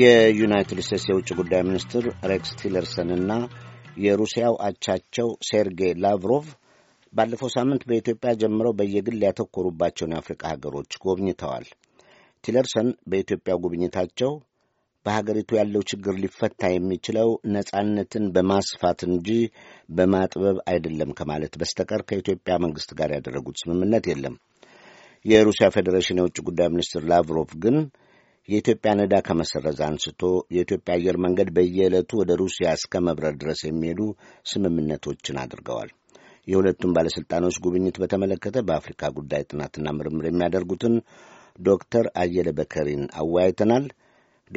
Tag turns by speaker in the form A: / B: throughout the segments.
A: የዩናይትድ ስቴትስ የውጭ ጉዳይ ሚኒስትር ሬክስ ቲለርሰን እና የሩሲያው አቻቸው ሴርጌይ ላቭሮቭ ባለፈው ሳምንት በኢትዮጵያ ጀምረው በየግል ያተኮሩባቸውን የአፍሪቃ ሀገሮች ጎብኝተዋል። ቲለርሰን በኢትዮጵያ ጉብኝታቸው በሀገሪቱ ያለው ችግር ሊፈታ የሚችለው ነጻነትን በማስፋት እንጂ በማጥበብ አይደለም ከማለት በስተቀር ከኢትዮጵያ መንግስት ጋር ያደረጉት ስምምነት የለም። የሩሲያ ፌዴሬሽን የውጭ ጉዳይ ሚኒስትር ላቭሮቭ ግን የኢትዮጵያ ነዳ ከመሰረዝ አንስቶ የኢትዮጵያ አየር መንገድ በየዕለቱ ወደ ሩሲያ እስከ መብረር ድረስ የሚሄዱ ስምምነቶችን አድርገዋል። የሁለቱም ባለሥልጣኖች ጉብኝት በተመለከተ በአፍሪካ ጉዳይ ጥናትና ምርምር የሚያደርጉትን ዶክተር አየለ በከሪን አወያይተናል።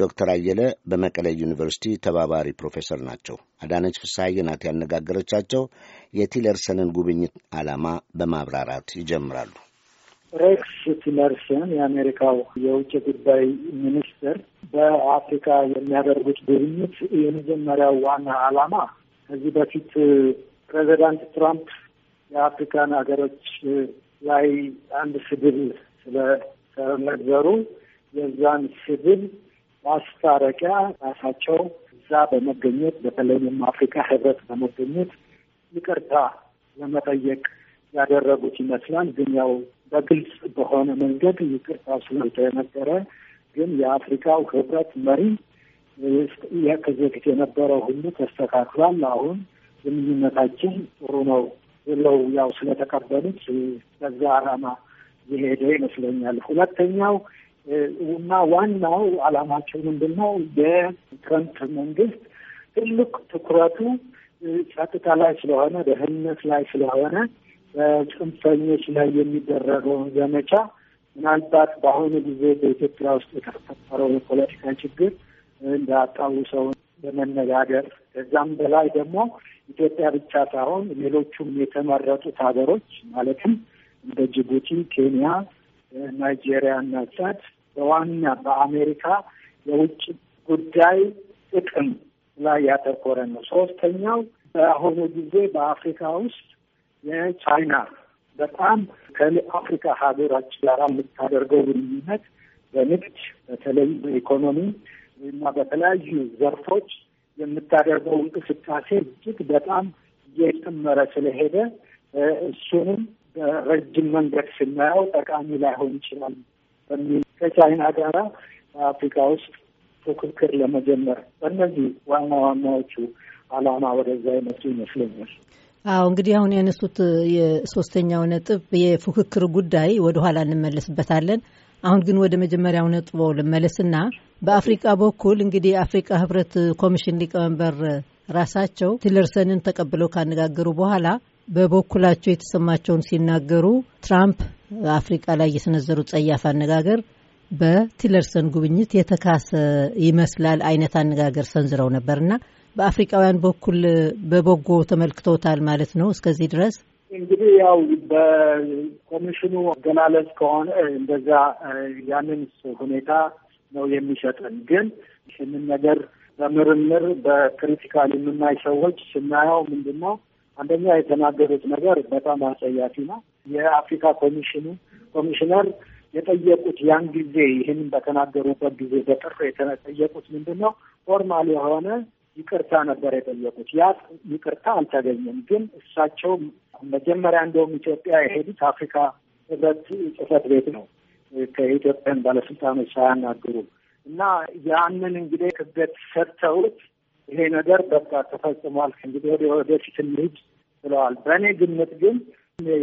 A: ዶክተር አየለ በመቀለ ዩኒቨርሲቲ ተባባሪ ፕሮፌሰር ናቸው። አዳነች ፍስሐዬ ናት ያነጋገረቻቸው። የቲለርሰንን ጉብኝት ዓላማ በማብራራት ይጀምራሉ።
B: ሬክስ ቲለርሰን የአሜሪካው የውጭ ጉዳይ ሚኒስትር በአፍሪካ የሚያደርጉት ጉብኝት የመጀመሪያው ዋና ዓላማ ከዚህ በፊት ፕሬዚዳንት ትራምፕ የአፍሪካን ሀገሮች ላይ አንድ ስድብ ስለተነገሩ የዛን ስድብ ማስታረቂያ ራሳቸው እዛ በመገኘት በተለይም አፍሪካ ህብረት በመገኘት ይቅርታ ለመጠየቅ ያደረጉት ይመስላል። ግን ያው በግልጽ በሆነ መንገድ ይቅርታ ስላልተነገረ ግን የአፍሪካው ህብረት መሪ ከዚህ በፊት የነበረው ሁሉ ተስተካክሏል። አሁን ግንኙነታችን ጥሩ ነው ብለው ያው ስለተቀበሉት በዛ አላማ የሄደ ይመስለኛል። ሁለተኛው እና ዋናው አላማቸው ምንድን ነው? የትረምፕ መንግስት ትልቅ ትኩረቱ ጸጥታ ላይ ስለሆነ፣ ደህንነት ላይ ስለሆነ በጽንፈኞች ላይ የሚደረገውን ዘመቻ ምናልባት በአሁኑ ጊዜ በኢትዮጵያ ውስጥ የተፈጠረው የፖለቲካ ችግር እንዳያጣውሰው በመነጋገር ከዛም በላይ ደግሞ ኢትዮጵያ ብቻ ሳይሆን ሌሎቹም የተመረጡት ሀገሮች ማለትም እንደ ጅቡቲ፣ ኬንያ፣ ናይጄሪያ እና ቻድ በዋና በአሜሪካ የውጭ ጉዳይ ጥቅም ላይ ያተኮረ ነው። ሶስተኛው በአሁኑ ጊዜ በአፍሪካ ውስጥ የቻይና በጣም ከአፍሪካ ሀገሮች ጋር የምታደርገው ግንኙነት በንግድ በተለይ በኢኮኖሚ እና በተለያዩ ዘርፎች የምታደርገው እንቅስቃሴ እጅግ በጣም እየጨመረ ስለሄደ እሱንም በረጅም መንገድ ስናየው ጠቃሚ ላይሆን ይችላል በሚል ከቻይና ጋራ በአፍሪካ ውስጥ ፉክክር ለመጀመር በእነዚህ ዋና ዋናዎቹ ዓላማ ወደዛ የመጡ ይመስለኛል።
C: አዎ እንግዲህ አሁን ያነሱት የሶስተኛው ነጥብ የፉክክር ጉዳይ ወደ ኋላ እንመለስበታለን። አሁን ግን ወደ መጀመሪያው ነጥቦ ልመለስና በአፍሪቃ በኩል እንግዲህ የአፍሪቃ ህብረት ኮሚሽን ሊቀመንበር ራሳቸው ቲለርሰንን ተቀብለው ካነጋገሩ በኋላ በበኩላቸው የተሰማቸውን ሲናገሩ ትራምፕ አፍሪቃ ላይ የሰነዘሩት ጸያፍ አነጋገር በቲለርሰን ጉብኝት የተካሰ ይመስላል አይነት አነጋገር ሰንዝረው ነበርና በአፍሪካውያን በኩል በበጎ ተመልክቶታል ማለት ነው። እስከዚህ ድረስ
B: እንግዲህ ያው በኮሚሽኑ አገላለጽ ከሆነ እንደዛ ያንን ሁኔታ ነው የሚሰጠን። ግን ይህንን ነገር በምርምር በክሪቲካል የምናይ ሰዎች ስናየው ምንድን ነው አንደኛ የተናገሩት ነገር በጣም አጸያፊ ነው። የአፍሪካ ኮሚሽኑ ኮሚሽነር የጠየቁት ያን ጊዜ ይህንን በተናገሩበት ጊዜ በጥር የተጠየቁት ምንድን ነው? ፎርማል የሆነ ይቅርታ ነበር የጠየቁት። ያ ይቅርታ አልተገኘም። ግን እሳቸው መጀመሪያ እንደውም ኢትዮጵያ የሄዱት አፍሪካ ህብረት ጽህፈት ቤት ነው ከኢትዮጵያን ባለስልጣኖች ሳያናግሩ እና ያንን እንግዲህ ክብደት ሰጥተውት ይሄ ነገር በቃ ተፈጽሟል፣ እንግዲህ ወደ ወደፊት እንሂድ ብለዋል። በእኔ ግምት ግን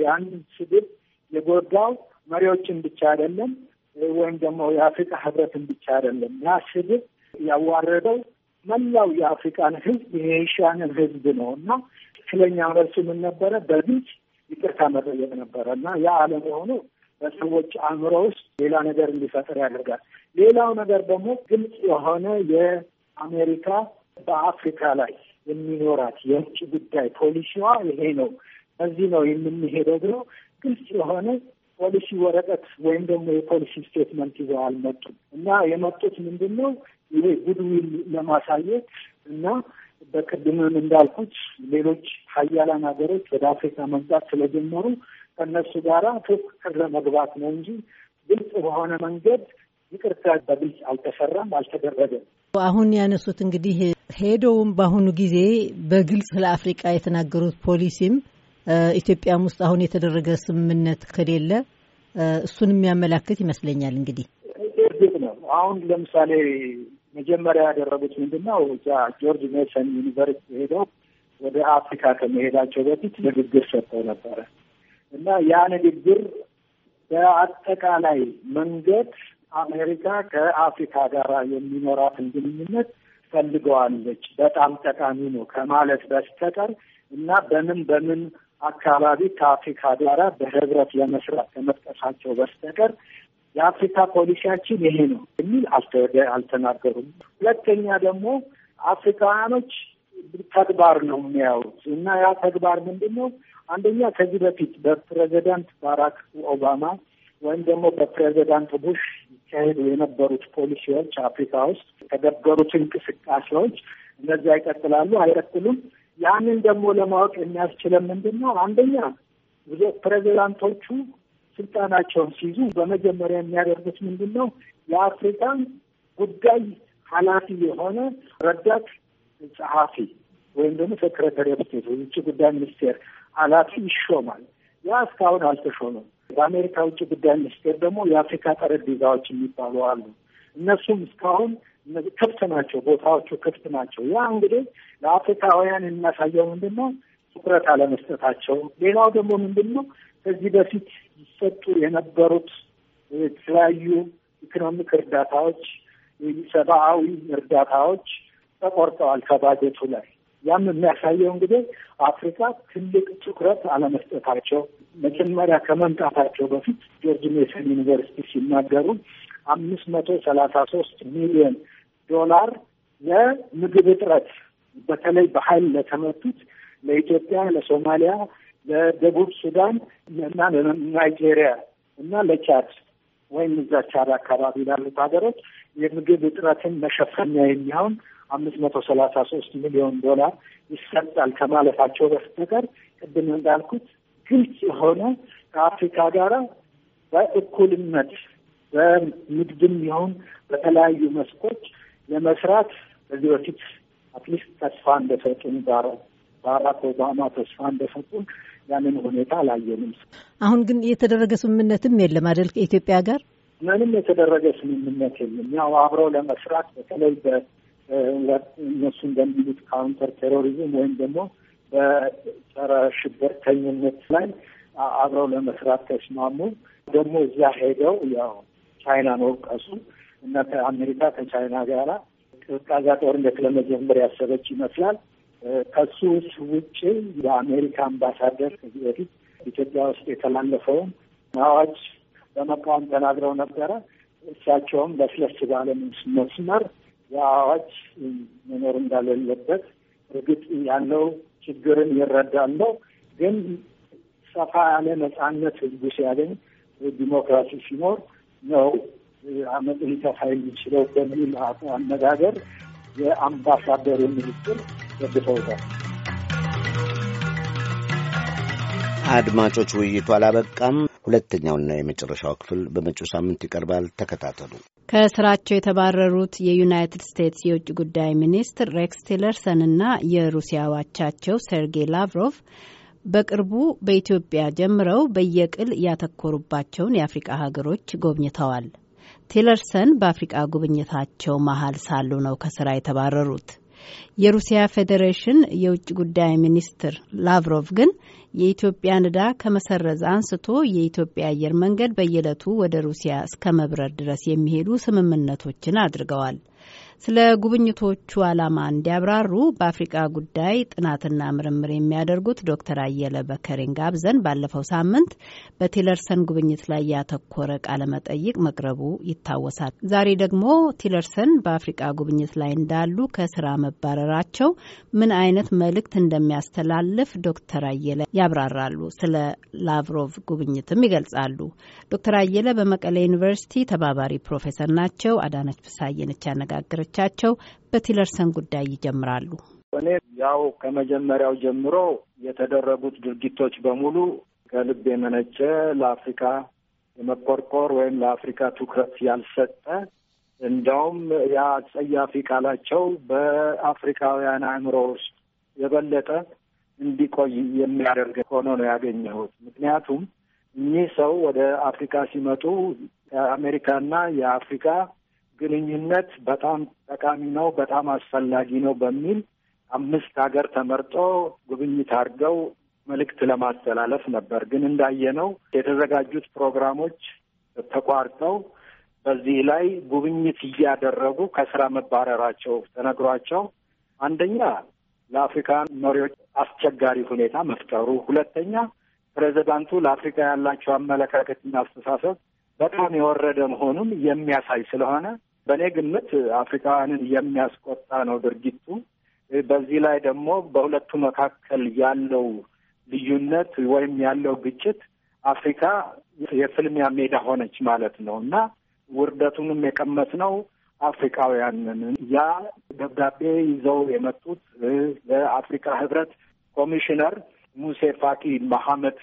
B: ያንን ስድብ የጎዳው መሪዎችን ብቻ አይደለም ወይም ደግሞ የአፍሪቃ ህብረትን ብቻ አይደለም። ያ ስድብ ያዋረደው መላው የአፍሪቃን ህዝብ የኤሽያንን ህዝብ ነው እና ስለኛ መልሱ ምን ነበረ? በግልጽ ይቅርታ መጠየቅ ነበረ እና ያ አለመሆኑ በሰዎች አእምሮ ውስጥ ሌላ ነገር እንዲፈጥር ያደርጋል። ሌላው ነገር ደግሞ ግልጽ የሆነ የአሜሪካ በአፍሪካ ላይ የሚኖራት የውጭ ጉዳይ ፖሊሲዋ ይሄ ነው፣ በዚህ ነው የምንሄደው ብሎ ግልጽ የሆነ ፖሊሲ ወረቀት ወይም ደግሞ የፖሊሲ ስቴትመንት ይዘው አልመጡም እና የመጡት ምንድን ነው ይሄ ጉድዊል ለማሳየት እና በቅድምም እንዳልኩት ሌሎች ሀያላን ሀገሮች ወደ አፍሪካ መምጣት ስለጀመሩ ከእነሱ ጋራ ትክክር ለመግባት ነው እንጂ ግልጽ በሆነ መንገድ ይቅርታ በግልጽ አልተሰራም፣ አልተደረገም።
C: አሁን ያነሱት እንግዲህ ሄዶውም በአሁኑ ጊዜ በግልጽ ለአፍሪቃ የተናገሩት ፖሊሲም ኢትዮጵያም ውስጥ አሁን የተደረገ ስምምነት ከሌለ እሱን የሚያመላክት ይመስለኛል። እንግዲህ
B: እርግጥ ነው አሁን ለምሳሌ መጀመሪያ ያደረጉት ምንድን ነው? እዛ ጆርጅ ሜሰን ዩኒቨርሲቲ ሄደው ወደ አፍሪካ ከመሄዳቸው በፊት ንግግር ሰጥተው ነበረ እና ያ ንግግር በአጠቃላይ መንገድ አሜሪካ ከአፍሪካ ጋር የሚኖራትን ግንኙነት ፈልገዋለች፣ በጣም ጠቃሚ ነው ከማለት በስተቀር እና በምን በምን አካባቢ ከአፍሪካ ጋራ በህብረት ለመስራት ከመጥቀሳቸው በስተቀር የአፍሪካ ፖሊሲያችን ይሄ ነው የሚል አልተናገሩም። ሁለተኛ ደግሞ አፍሪካውያኖች ተግባር ነው የሚያዩት እና ያ ተግባር ምንድን ነው? አንደኛ ከዚህ በፊት በፕሬዚዳንት ባራክ ኦባማ ወይም ደግሞ በፕሬዚዳንት ቡሽ ይካሄዱ የነበሩት ፖሊሲዎች አፍሪካ ውስጥ የተገበሩት እንቅስቃሴዎች እነዚያ ይቀጥላሉ አይቀጥሉም ያንን ደግሞ ለማወቅ የሚያስችለን ምንድን ነው? አንደኛ ፕሬዚዳንቶቹ ስልጣናቸውን ሲይዙ በመጀመሪያ የሚያደርጉት ምንድን ነው? የአፍሪካን ጉዳይ ኃላፊ የሆነ ረዳት ጸሐፊ ወይም ደግሞ ሴክሬታሪ ኦፍ ስቴት ውጭ ጉዳይ ሚኒስቴር ኃላፊ ይሾማል። ያ እስካሁን አልተሾመም። በአሜሪካ ውጭ ጉዳይ ሚኒስቴር ደግሞ የአፍሪካ ጠረጴዛዎች የሚባሉ አሉ። እነሱም እስካሁን እነዚህ ክፍት ናቸው፣ ቦታዎቹ ክፍት ናቸው። ያ እንግዲህ ለአፍሪካውያን የሚያሳየው ምንድን ነው? ትኩረት አለመስጠታቸው። ሌላው ደግሞ ምንድን ነው? ከዚህ በፊት ይሰጡ የነበሩት የተለያዩ ኢኮኖሚክ እርዳታዎች፣ ሰብአዊ እርዳታዎች ተቆርጠዋል ከባጀቱ ላይ። ያም የሚያሳየው እንግዲህ አፍሪካ ትልቅ ትኩረት አለመስጠታቸው። መጀመሪያ ከመምጣታቸው በፊት ጆርጅ ሜሰን ዩኒቨርሲቲ ሲናገሩ አምስት መቶ ሰላሳ ሶስት ሚሊዮን ዶላር ለምግብ እጥረት በተለይ በኃይል ለተመቱት ለኢትዮጵያ፣ ለሶማሊያ፣ ለደቡብ ሱዳን እና ለናይጄሪያ እና ለቻድ ወይም እዛ ቻድ አካባቢ ላሉት ሀገሮች የምግብ እጥረትን መሸፈኛ የሚሆን አምስት መቶ ሰላሳ ሶስት ሚሊዮን ዶላር ይሰጣል ከማለፋቸው በስተቀር ቅድም እንዳልኩት ግልጽ የሆነ ከአፍሪካ ጋራ በእኩልነት በንግድም ይሁን በተለያዩ መስኮች ለመስራት ከዚህ በፊት አትሊስት ተስፋ እንደሰጡን ባራክ ኦባማ ተስፋ እንደሰጡን ያንን ሁኔታ አላየንም።
C: አሁን ግን የተደረገ ስምምነትም የለም አይደል?
B: ከኢትዮጵያ ጋር ምንም የተደረገ ስምምነት የለም። ያው አብረው ለመስራት በተለይ እነሱ እንደሚሉት ካውንተር ቴሮሪዝም ወይም ደግሞ በጸረ ሽብርተኝነት ላይ አብረው ለመስራት ተስማሙ። ደግሞ እዚያ ሄደው ያው ቻይናን ወቀሱ እና ከአሜሪካ ከቻይና ጋራ ቀዝቃዛ ጦርነት ለመጀመር ያሰበች ይመስላል። ከሱ ውጭ የአሜሪካ አምባሳደር ከዚህ በፊት ኢትዮጵያ ውስጥ የተላለፈውን አዋጅ በመቃወም ተናግረው ነበረ። እሳቸውም ለስለስ ባለ መስመር የአዋጅ መኖር እንዳለለበት እርግጥ ያለው ችግርን ይረዳለው፣ ግን ሰፋ ያለ ነጻነት ህዝቡ ሲያገኝ ዲሞክራሲ ሲኖር ነው አመፅ ሊተፋ የሚችለው በሚል አነጋገር የአምባሳደር ሚኒስትር ደግፈውታል።
A: አድማጮች ውይይቱ አላበቃም። ሁለተኛውና የመጨረሻው ክፍል በመጪው ሳምንት ይቀርባል። ተከታተሉ።
D: ከስራቸው የተባረሩት የዩናይትድ ስቴትስ የውጭ ጉዳይ ሚኒስትር ሬክስ ቲለርሰን እና የሩሲያ ዋቻቸው ሴርጌይ ላቭሮቭ በቅርቡ በኢትዮጵያ ጀምረው በየቅል ያተኮሩባቸውን የአፍሪቃ ሀገሮች ጎብኝተዋል። ቴለርሰን በአፍሪቃ ጉብኝታቸው መሀል ሳሉ ነው ከስራ የተባረሩት። የሩሲያ ፌዴሬሽን የውጭ ጉዳይ ሚኒስትር ላቭሮቭ ግን የኢትዮጵያን ዕዳ ከመሰረዝ አንስቶ የኢትዮጵያ አየር መንገድ በየዕለቱ ወደ ሩሲያ እስከ መብረር ድረስ የሚሄዱ ስምምነቶችን አድርገዋል። ስለ ጉብኝቶቹ ዓላማ እንዲያብራሩ በአፍሪቃ ጉዳይ ጥናትና ምርምር የሚያደርጉት ዶክተር አየለ በከሬን ጋብዘን ባለፈው ሳምንት በቲለርሰን ጉብኝት ላይ ያተኮረ ቃለመጠይቅ መቅረቡ ይታወሳል። ዛሬ ደግሞ ቲለርሰን በአፍሪቃ ጉብኝት ላይ እንዳሉ ከስራ መባረራቸው ምን አይነት መልእክት እንደሚያስተላልፍ ዶክተር አየለ ያብራራሉ። ስለ ላቭሮቭ ጉብኝትም ይገልጻሉ። ዶክተር አየለ በመቀሌ ዩኒቨርሲቲ ተባባሪ ፕሮፌሰር ናቸው። አዳነች ፍሳዬ ነች ያነጋገረች ውይይቶቻቸው በቲለርሰን ጉዳይ ይጀምራሉ።
B: እኔ ያው ከመጀመሪያው ጀምሮ የተደረጉት ድርጊቶች በሙሉ ከልብ የመነጨ ለአፍሪካ የመቆርቆር ወይም ለአፍሪካ ትኩረት ያልሰጠ እንዲያውም ያ አጸያፊ ቃላቸው በአፍሪካውያን አእምሮ ውስጥ የበለጠ እንዲቆይ የሚያደርግ ሆኖ ነው ያገኘሁት። ምክንያቱም እኚህ ሰው ወደ አፍሪካ ሲመጡ የአሜሪካና የአፍሪካ ግንኙነት በጣም ጠቃሚ ነው፣ በጣም አስፈላጊ ነው በሚል አምስት ሀገር ተመርጦ ጉብኝት አድርገው መልእክት ለማስተላለፍ ነበር። ግን እንዳየነው የተዘጋጁት ፕሮግራሞች ተቋርጠው በዚህ ላይ ጉብኝት እያደረጉ ከስራ መባረራቸው ተነግሯቸው አንደኛ ለአፍሪካ መሪዎች አስቸጋሪ ሁኔታ መፍጠሩ፣ ሁለተኛ ፕሬዚዳንቱ ለአፍሪካ ያላቸው አመለካከትና አስተሳሰብ በጣም የወረደ መሆኑን የሚያሳይ ስለሆነ በእኔ ግምት አፍሪካውያንን የሚያስቆጣ ነው ድርጊቱ። በዚህ ላይ ደግሞ በሁለቱ መካከል ያለው ልዩነት ወይም ያለው ግጭት አፍሪካ የፍልሚያ ሜዳ ሆነች ማለት ነው እና ውርደቱንም የቀመስ ነው አፍሪካውያንን ያ ደብዳቤ ይዘው የመጡት ለአፍሪካ ህብረት ኮሚሽነር ሙሴ ፋኪ መሐመድ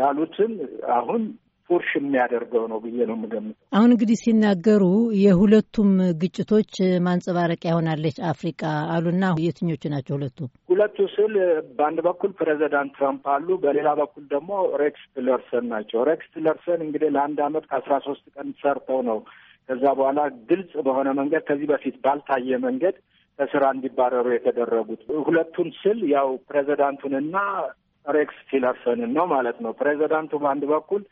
B: ያሉትን አሁን ቁርሽ የሚያደርገው ነው ብዬ ነው የምገምተው።
C: አሁን እንግዲህ ሲናገሩ የሁለቱም ግጭቶች ማንጸባረቂያ ሆናለች አፍሪቃ አሉና የትኞቹ ናቸው ሁለቱ?
B: ሁለቱ ስል በአንድ በኩል ፕሬዚዳንት ትራምፕ አሉ፣ በሌላ በኩል ደግሞ ሬክስ ቲለርሰን ናቸው። ሬክስ ቲለርሰን እንግዲህ ለአንድ አመት ከአስራ ሶስት ቀን ሰርተው ነው ከዛ በኋላ ግልጽ በሆነ መንገድ ከዚህ በፊት ባልታየ መንገድ ከስራ እንዲባረሩ የተደረጉት ሁለቱን ስል ያው ፕሬዚዳንቱንና ሬክስ ቲለርሰንን ነው ማለት ነው። ፕሬዚዳንቱ በአንድ በኩል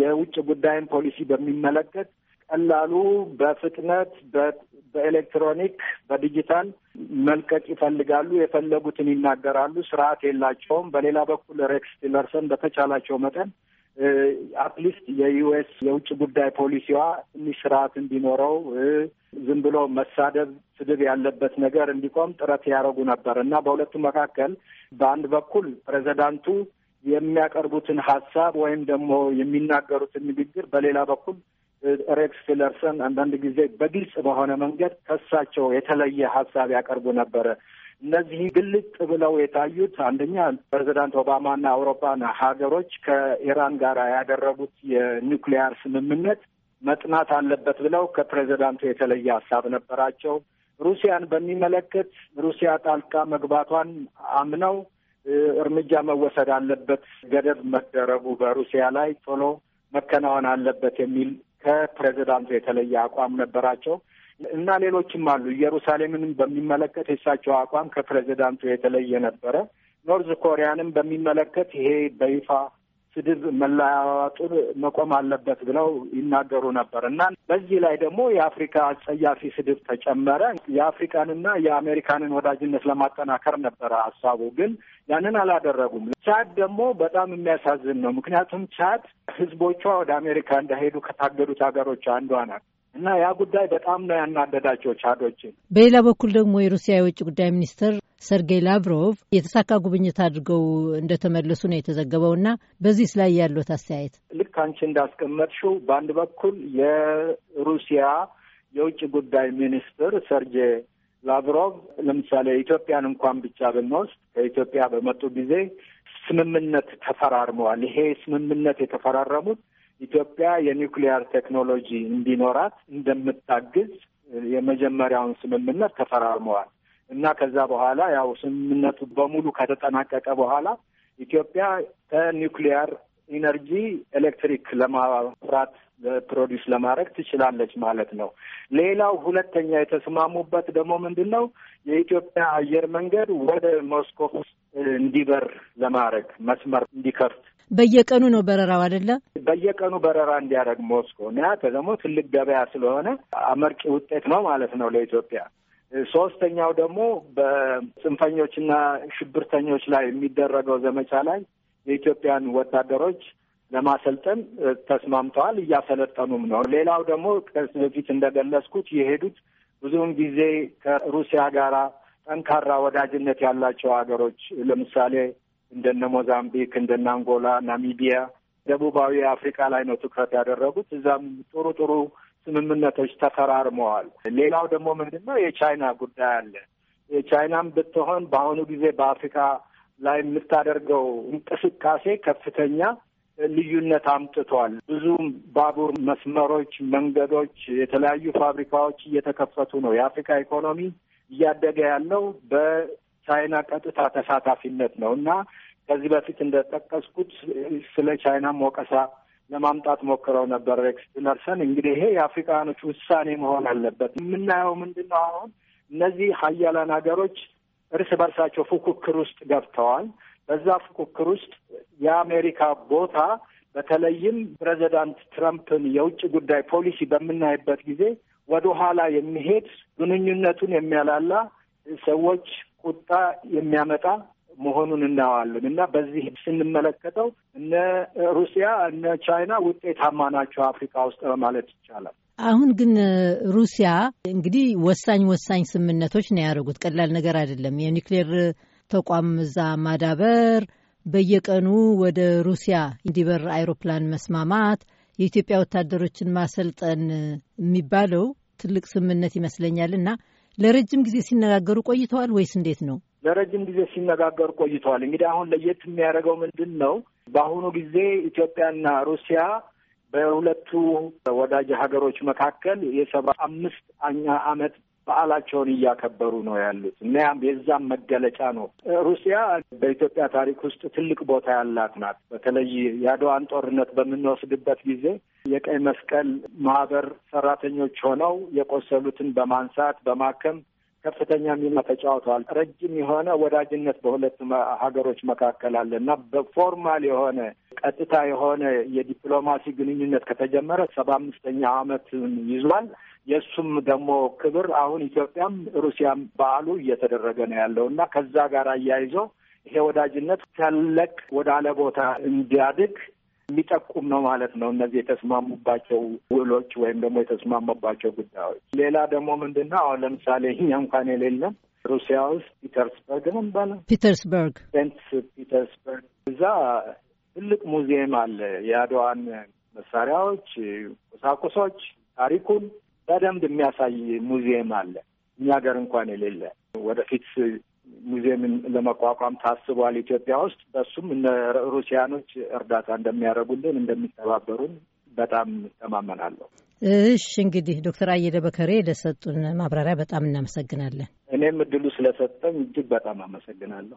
B: የውጭ ጉዳይን ፖሊሲ በሚመለከት ቀላሉ በፍጥነት በኤሌክትሮኒክ በዲጂታል መልቀቅ ይፈልጋሉ። የፈለጉትን ይናገራሉ። ስርዓት የላቸውም። በሌላ በኩል ሬክስ ቲለርሰን በተቻላቸው መጠን አትሊስት የዩኤስ የውጭ ጉዳይ ፖሊሲዋ ትንሽ ስርዓት እንዲኖረው ዝም ብሎ መሳደብ፣ ስድብ ያለበት ነገር እንዲቆም ጥረት ያደረጉ ነበር እና በሁለቱ መካከል በአንድ በኩል ፕሬዚዳንቱ የሚያቀርቡትን ሀሳብ ወይም ደግሞ የሚናገሩትን ንግግር በሌላ በኩል ሬክስ ቲለርሰን አንዳንድ ጊዜ በግልጽ በሆነ መንገድ ከሳቸው የተለየ ሀሳብ ያቀርቡ ነበረ። እነዚህ ግልጥ ብለው የታዩት አንደኛ ፕሬዚዳንት ኦባማና አውሮፓን ሀገሮች ከኢራን ጋር ያደረጉት የኒውክሊያር ስምምነት መጥናት አለበት ብለው ከፕሬዚዳንቱ የተለየ ሀሳብ ነበራቸው። ሩሲያን በሚመለከት ሩሲያ ጣልቃ መግባቷን አምነው እርምጃ መወሰድ አለበት፣ ገደብ መደረጉ በሩሲያ ላይ ቶሎ መከናወን አለበት የሚል ከፕሬዚዳንቱ የተለየ አቋም ነበራቸው እና ሌሎችም አሉ። ኢየሩሳሌምንም በሚመለከት የእሳቸው አቋም ከፕሬዚዳንቱ የተለየ ነበረ። ኖርዝ ኮሪያንም በሚመለከት ይሄ በይፋ ስድብ መለዋወጡን መቆም አለበት ብለው ይናገሩ ነበር እና በዚህ ላይ ደግሞ የአፍሪካ አጸያፊ ስድብ ተጨመረ። የአፍሪካንና የአሜሪካንን ወዳጅነት ለማጠናከር ነበረ ሀሳቡ፣ ግን ያንን አላደረጉም። ቻድ ደግሞ በጣም የሚያሳዝን ነው። ምክንያቱም ቻድ ህዝቦቿ ወደ አሜሪካ እንዳይሄዱ ከታገዱት ሀገሮች አንዷ ናት። እና ያ ጉዳይ በጣም ነው ያናደዳቸው ቻዶችን።
C: በሌላ በኩል ደግሞ የሩሲያ የውጭ ጉዳይ ሚኒስትር ሰርጌይ ላቭሮቭ የተሳካ ጉብኝት አድርገው እንደተመለሱ ነው የተዘገበው። እና በዚህ ላይ ያለት አስተያየት
B: ልክ አንቺ እንዳስቀመጥሽው በአንድ በኩል የሩሲያ የውጭ ጉዳይ ሚኒስትር ሰርጌ ላቭሮቭ ለምሳሌ ኢትዮጵያን እንኳን ብቻ ብንወስድ ከኢትዮጵያ በመጡ ጊዜ ስምምነት ተፈራርመዋል። ይሄ ስምምነት የተፈራረሙት ኢትዮጵያ የኒውክሊያር ቴክኖሎጂ እንዲኖራት እንደምታግዝ የመጀመሪያውን ስምምነት ተፈራርመዋል እና ከዛ በኋላ ያው ስምምነቱ በሙሉ ከተጠናቀቀ በኋላ ኢትዮጵያ ከኒውክሊያር ኢነርጂ ኤሌክትሪክ ለማፍራት ፕሮዲስ ለማድረግ ትችላለች ማለት ነው። ሌላው ሁለተኛ የተስማሙበት ደግሞ ምንድን ነው? የኢትዮጵያ አየር መንገድ ወደ ሞስኮ እንዲበር ለማድረግ መስመር እንዲከፍት
C: በየቀኑ ነው በረራው አይደለ?
B: በየቀኑ በረራ እንዲያደርግ ሞስኮ እና ደግሞ ትልቅ ገበያ ስለሆነ አመርቂ ውጤት ነው ማለት ነው ለኢትዮጵያ። ሶስተኛው ደግሞ በጽንፈኞችና ሽብርተኞች ላይ የሚደረገው ዘመቻ ላይ የኢትዮጵያን ወታደሮች ለማሰልጠን ተስማምተዋል፣ እያሰለጠኑም ነው። ሌላው ደግሞ ከዚህ በፊት እንደገለጽኩት የሄዱት ብዙውን ጊዜ ከሩሲያ ጋራ ጠንካራ ወዳጅነት ያላቸው ሀገሮች ለምሳሌ እንደነ ሞዛምቢክ፣ እንደነ አንጎላ፣ ናሚቢያ፣ ደቡባዊ አፍሪካ ላይ ነው ትኩረት ያደረጉት። እዛም ጥሩ ጥሩ ስምምነቶች ተፈራርመዋል። ሌላው ደግሞ ምንድን ነው የቻይና ጉዳይ አለ። የቻይናም ብትሆን በአሁኑ ጊዜ በአፍሪካ ላይ የምታደርገው እንቅስቃሴ ከፍተኛ ልዩነት አምጥቷል። ብዙ ባቡር መስመሮች፣ መንገዶች፣ የተለያዩ ፋብሪካዎች እየተከፈቱ ነው። የአፍሪካ ኢኮኖሚ እያደገ ያለው በ ቻይና ቀጥታ ተሳታፊነት ነው እና ከዚህ በፊት እንደጠቀስኩት ስለ ቻይና ሞቀሳ ለማምጣት ሞክረው ነበር ሬክስ ቲለርሰን። እንግዲህ ይሄ የአፍሪካኖች ውሳኔ መሆን አለበት። የምናየው ምንድን ነው? አሁን እነዚህ ሀያላን ሀገሮች እርስ በርሳቸው ፉክክር ውስጥ ገብተዋል። በዛ ፉክክር ውስጥ የአሜሪካ ቦታ በተለይም ፕሬዚዳንት ትራምፕን የውጭ ጉዳይ ፖሊሲ በምናይበት ጊዜ ወደ ኋላ የሚሄድ ግንኙነቱን የሚያላላ ሰዎች ቁጣ የሚያመጣ መሆኑን እናዋለን እና በዚህ ስንመለከተው እነ ሩሲያ እነ ቻይና ውጤታማ ናቸው አፍሪካ ውስጥ በማለት ይቻላል።
C: አሁን ግን ሩሲያ እንግዲህ ወሳኝ ወሳኝ ስምምነቶች ነው ያደረጉት። ቀላል ነገር አይደለም። የኒውክሌር ተቋም እዛ ማዳበር፣ በየቀኑ ወደ ሩሲያ እንዲበር አይሮፕላን መስማማት፣ የኢትዮጵያ ወታደሮችን ማሰልጠን የሚባለው ትልቅ ስምምነት ይመስለኛል እና ለረጅም ጊዜ ሲነጋገሩ ቆይተዋል ወይስ እንዴት ነው?
B: ለረጅም ጊዜ ሲነጋገሩ ቆይተዋል። እንግዲህ አሁን ለየት የሚያደርገው ምንድን ነው? በአሁኑ ጊዜ ኢትዮጵያና ሩሲያ በሁለቱ ወዳጅ ሀገሮች መካከል የሰባ አምስት አኛ ዓመት በዓላቸውን እያከበሩ ነው ያሉት እና ያም የዛም መገለጫ ነው። ሩሲያ በኢትዮጵያ ታሪክ ውስጥ ትልቅ ቦታ ያላት ናት። በተለይ የአድዋን ጦርነት በምንወስድበት ጊዜ የቀይ መስቀል ማህበር ሰራተኞች ሆነው የቆሰሉትን በማንሳት በማከም ከፍተኛ ሚና ተጫውተዋል። ረጅም የሆነ ወዳጅነት በሁለት ሀገሮች መካከል አለ እና በፎርማል የሆነ ቀጥታ የሆነ የዲፕሎማሲ ግንኙነት ከተጀመረ ሰባ አምስተኛ ዓመትን ይዟል። የእሱም ደግሞ ክብር አሁን ኢትዮጵያም ሩሲያም በዓሉ እየተደረገ ነው ያለው እና ከዛ ጋር አያይዞ ይሄ ወዳጅነት ተለቅ ወደ አለ ቦታ እንዲያድግ የሚጠቁም ነው ማለት ነው። እነዚህ የተስማሙባቸው ውሎች ወይም ደግሞ የተስማሙባቸው ጉዳዮች። ሌላ ደግሞ ምንድን ነው አሁን ለምሳሌ እኛ እንኳን የሌለም ሩሲያ ውስጥ ፒተርስበርግ ነው የሚባለው
C: ፒተርስበርግ፣
B: ሴንት ፒተርስበርግ እዛ ትልቅ ሙዚየም አለ የአድዋን መሳሪያዎች፣ ቁሳቁሶች፣ ታሪኩን በደንብ የሚያሳይ ሙዚየም አለ። እኛ ሀገር እንኳን የሌለ ወደፊት ሙዚየምን ለመቋቋም ታስቧል ኢትዮጵያ ውስጥ። በሱም እነ ሩሲያኖች እርዳታ እንደሚያደርጉልን እንደሚተባበሩን በጣም እተማመናለሁ።
C: እሽ እንግዲህ ዶክተር አየደ በከሬ ለሰጡን ማብራሪያ በጣም እናመሰግናለን።
B: እኔም እድሉ ስለሰጠኝ እጅግ በጣም አመሰግናለሁ።